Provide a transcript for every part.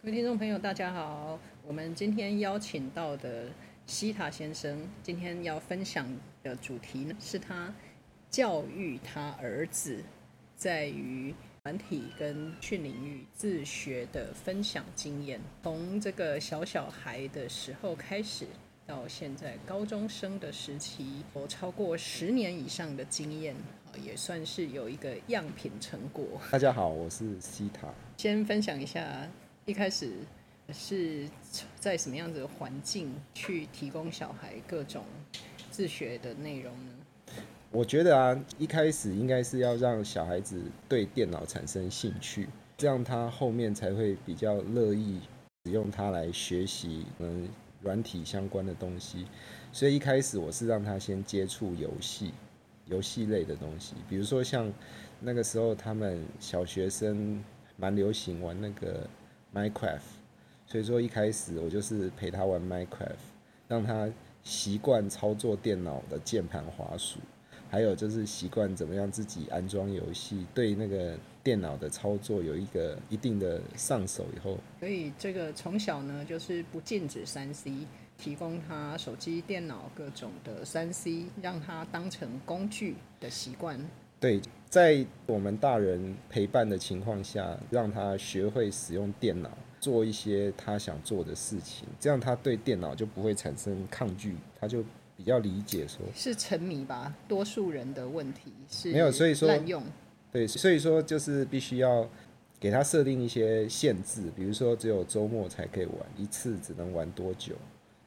各位聽眾朋友，大家好。我們今天邀請到的西塔先生，今天要分享的主題呢，是他教育他兒子在於團體跟訓領域自學的分享經驗。從這個小小孩的時候開始，到現在高中生的時期，有超過十年以上的經驗，啊，也算是有一個樣品成果。大家好，我是西塔。先分享一下。一開始是在什麼樣子的環境去提供小孩各種自學的內容呢？我覺得啊，一開始應該是要讓小孩子對電腦產生興趣，這樣他後面才會比較樂意使用它來學習嗯，軟體相關的東西。所以一開始我是讓他先接觸遊戲，遊戲類的東西，比如說像那個時候他們小學生蠻流行玩那個。Minecraft，所以說一開始我就是陪他玩 Minecraft，讓他習慣操作電腦的鍵盤、滑鼠，還有就是習慣怎麼樣自己安裝遊戲，對那個電腦的操作有一個一定的上手以後。所以這個從小呢，就是不禁止三 C，提供他手機、電腦各種的三 C，讓他當成工具的習慣。對，在我們大人陪伴的情況下，讓他學會使用電腦，做一些他想做的事情，這樣他對電腦就不會產生抗拒，他就比較理解說。是沉迷吧？多數人的問題是濫用。沒有，所以說濫用。對，所以說就是必須要給他設定一些限制，比如說只有周末才可以玩，一次只能玩多久，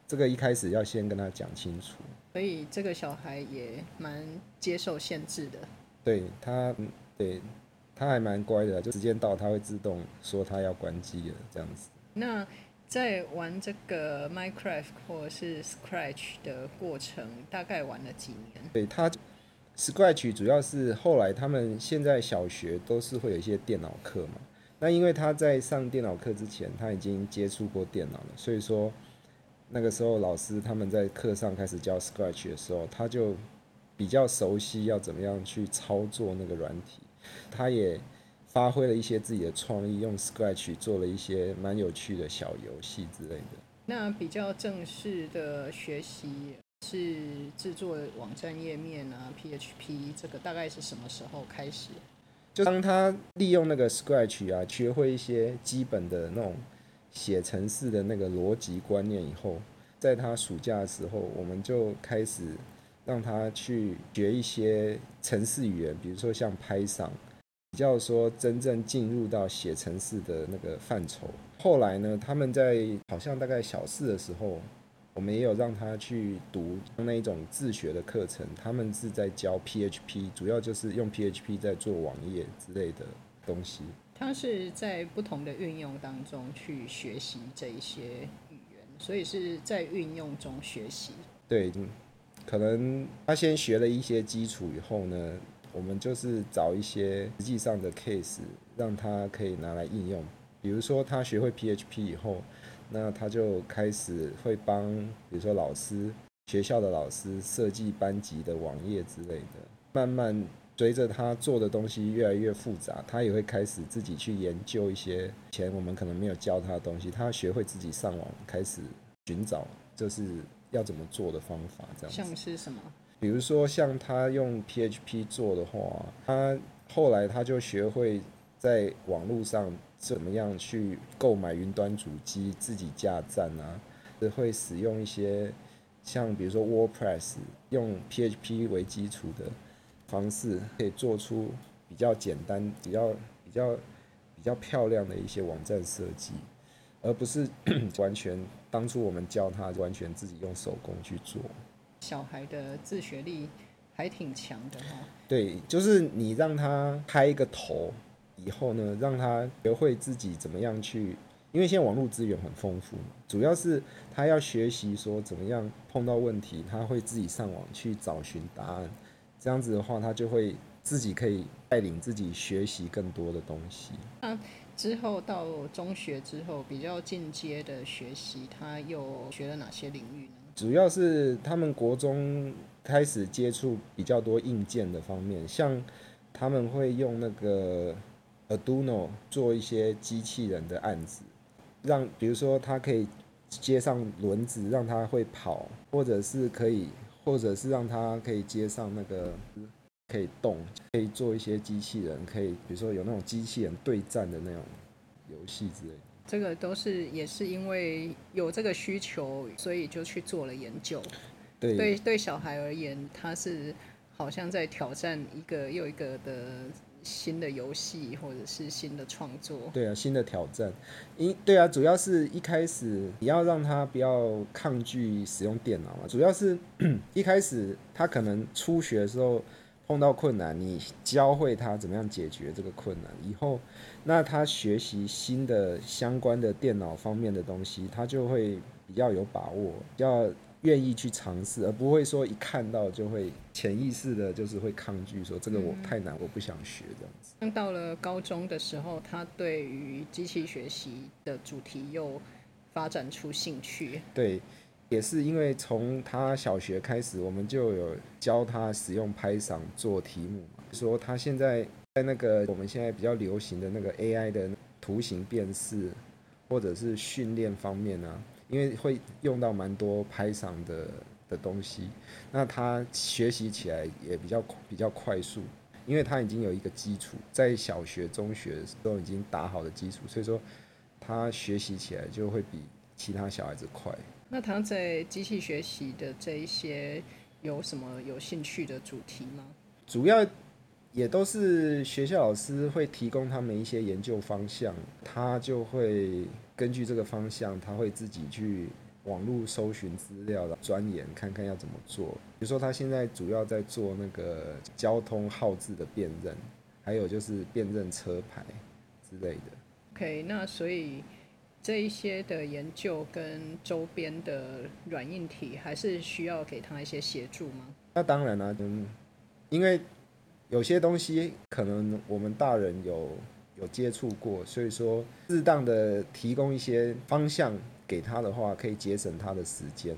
這個一開始要先跟他講清楚。所以這個小孩也蠻接受限制的。對他，對，他還蠻乖的，就時間到他會自動說他要關機了這樣子。那在玩這個 Minecraft 或者是 Scratch 的過程，大概玩了幾年？對他，Scratch 主要是後來他們現在小學都是會有一些電腦課嘛。那因為他在上電腦課之前，他已經接觸過電腦了，所以說那個時候老師他們在課上開始教 Scratch 的時候，他就。比較熟悉要怎麼樣去操作那個軟體，他也發揮了一些自己的創意，用 Scratch 做了一些蠻有趣的小遊戲之類的。那比較正式的學習是制作網站頁面啊，PHP 這個大概是什麼時候開始？就當他利用那個 Scratch 啊，學會一些基本的那種寫程式的那個邏輯觀念以後，在他暑假的時候，我們就開始。讓他去學一些程式語言，比如說像 Python，比較說真正進入到寫程式的那個範疇。後來呢，他們在好像大概小四的時候，我們也有讓他去讀那一種自學的課程，他們是在教 PHP，主要就是用 PHP 在做網頁之類的東西。他是在不同的運用當中去學習這一些語言，所以是在運用中學習。對。可能他先學了一些基礎以後呢，我們就是找一些實際上的 case，讓他可以拿來應用。比如說他學會 PHP 以後，那他就開始會幫，比如說老師學校的老師設計班級的網頁之類的。慢慢隨着他做的東西越來越複雜，他也會開始自己去研究一些以前我們可能沒有教他的東西。他學會自己上網開始尋找，就是。要怎麼做的方法，這樣像是什麼？比如說，像他用 PHP 做的話，他後來他就學會在網絡上怎麼樣去購買雲端主機，自己架站啊，會使用一些像比如說 WordPress 用 PHP 為基礎的方式，可以做出比較簡單、比較比較比較漂亮的一些網站設計。而不是 完全當初我們教他完全自己用手工去做，小孩的自學力還挺強的哈。對，就是你讓他開一個頭，以後呢，讓他學會自己怎麼樣去，因為現在網絡資源很豐富嘛，主要是他要學習說怎麼樣碰到問題，他會自己上網去找尋答案。這樣子的話，他就會自己可以帶領自己學習更多的東西。那之後到中學之後，比較進階的學習，他又學了哪些領域呢？主要是他們國中開始接觸比較多硬件的方面，像他們會用那個 Arduino 做一些機器人的案子，讓比如說他可以接上輪子，讓他會跑，或者是可以。或者是讓他可以接上那個可以動，可以做一些機器人，可以比如說有那種機器人對戰的那種遊戲之類。這個都是也是因為有這個需求，所以就去做了研究。對對，對對小孩而言，他是好像在挑戰一個又一個的。新的遊戲或者是新的創作，對啊，新的挑戰。因對啊，主要是一開始你要讓他不要抗拒使用電腦嘛。主要是一開始他可能初學的時候碰到困難，你教會他怎麼樣解決這個困難。以後那他學習新的相關的電腦方面的東西，他就會比較有把握，比較。願意去嘗試，而不會說一看到就會潛意識的，就是會抗拒說這個我太難，嗯、我不想學這樣子。那到了高中的時候，他對於機器學習的主題又發展出興趣。對，也是因為從他小學開始，我們就有教他使用 Python 做題目，比如說他現在在那個我們現在比較流行的那個 AI 的圖形辨識，或者是訓練方面呢、啊。因為會用到蠻多 Python 的的東西，那他學習起來也比較比較快速，因為他已經有一個基礎，在小學、中學都已經打好的基礎，所以說他學習起來就會比其他小孩子快。那他在機器學習的這一些有什麼有興趣的主題嗎？主要。也都是學校老師會提供他們一些研究方向，他就會根據這個方向，他會自己去網絡搜尋資料，鑽研看看要怎麼做。比如說，他現在主要在做那個交通號誌的辨認，還有就是辨認車牌之類的。OK，那所以這一些的研究跟周邊的軟硬體，還是需要給他一些協助嗎？那當然嗯、啊，因為。有些東西可能我們大人有有接觸過，所以說適當的提供一些方向給他的話，可以節省他的時間，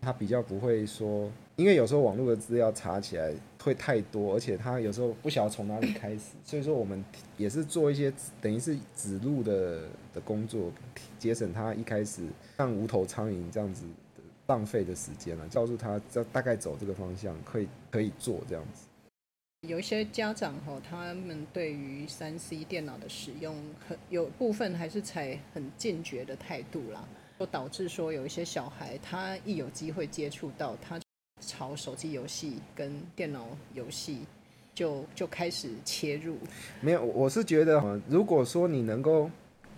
他比較不會說，因為有時候網絡的資料查起來會太多，而且他有時候不曉得從哪裡開始，所以說我們也是做一些等於是指路的的工作，節省他一開始像無頭蒼蠅這樣子的浪費的時間了，告訴他這大概走這個方向可以可以做這樣子。有一些家長哈，他們對於三 C 電腦的使用，很有部分還是採很堅決的態度啦，就導致說有一些小孩，他一有機會接觸到，他朝手機遊戲跟電腦遊戲就就開始切入。沒有，我是覺得，如果說你能夠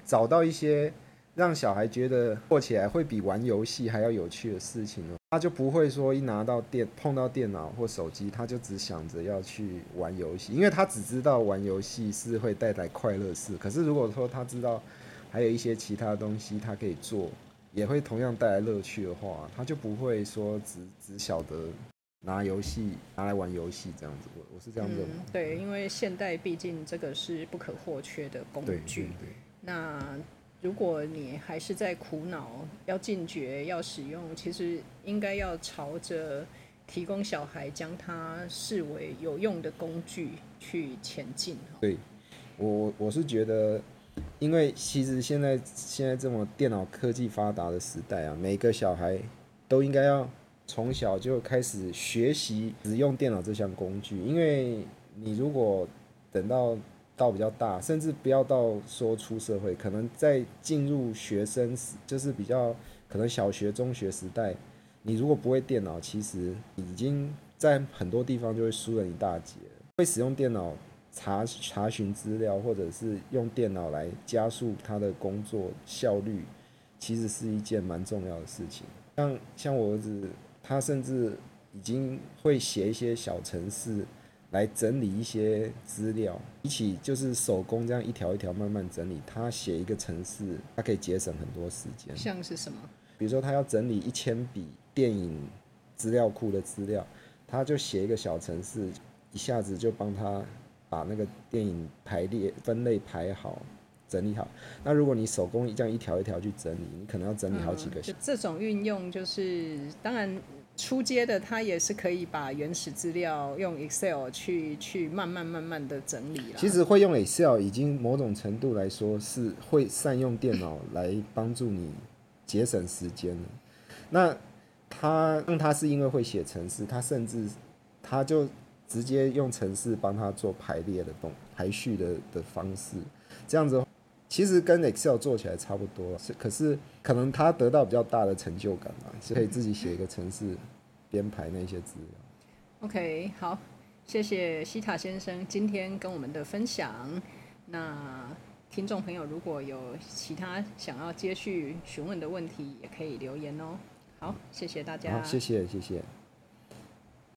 找到一些。讓小孩覺得做起來會比玩遊戲還要有趣的事情呢，他就不會說一拿到電碰到電腦或手機，他就只想着要去玩遊戲，因為他只知道玩遊戲是會帶來快樂事。可是如果說他知道還有一些其他東西他可以做，也會同樣帶來樂趣的話，他就不會說只只曉得拿遊戲拿來玩遊戲這樣子。我我是這樣子、嗯。對，因為現代畢竟這個是不可或缺的工具。對。對對。那。如果你還是在苦惱要禁絕要使用，其實應該要朝着提供小孩將它視為有用的工具去前進。對，我我是覺得，因為其實現在現在這麼電腦科技發達的時代啊，每個小孩都應該要從小就開始學習使用電腦這項工具，因為你如果等到。到比較大，甚至不要到說出社會，可能在進入學生時，就是比較，可能小學、中學時代，你如果不會電腦，其實已經在很多地方就會輸了一大截。會使用電腦查查詢資料，或者是用電腦來加速他的工作效率，其實是一件蠻重要的事情。像像我兒子，他甚至已經會寫一些小程式。來整理一些資料，一起就是手工這樣一條一條慢慢整理，他寫一個程式，他可以節省很多時間。像是什麼？比如說他要整理一千筆電影資料庫的資料，他就寫一個小程式，一下子就幫他把那個電影排列、分類排好、整理好。那如果你手工這樣一條一條去整理，你可能要整理好幾個小時、嗯、就這種運用就是，當然。初階的他也是可以把原始資料用 Excel 去去慢慢慢慢的整理了。其實會用 Excel 已經某種程度來說是會善用電腦來幫助你節省時間。那他用他是因為會寫程式，他甚至他就直接用程式幫他做排列的動排序的的方式，這樣子。其實跟 Excel 做起來差不多，是可是可能他得到比較大的成就感嘛，是可以自己寫一個程式編排那些字。OK，好，謝謝西塔先生今天跟我們的分享。那聽眾朋友如果有其他想要接續詢問的問題，也可以留言哦、喔。好，謝謝大家。好，謝謝，謝謝。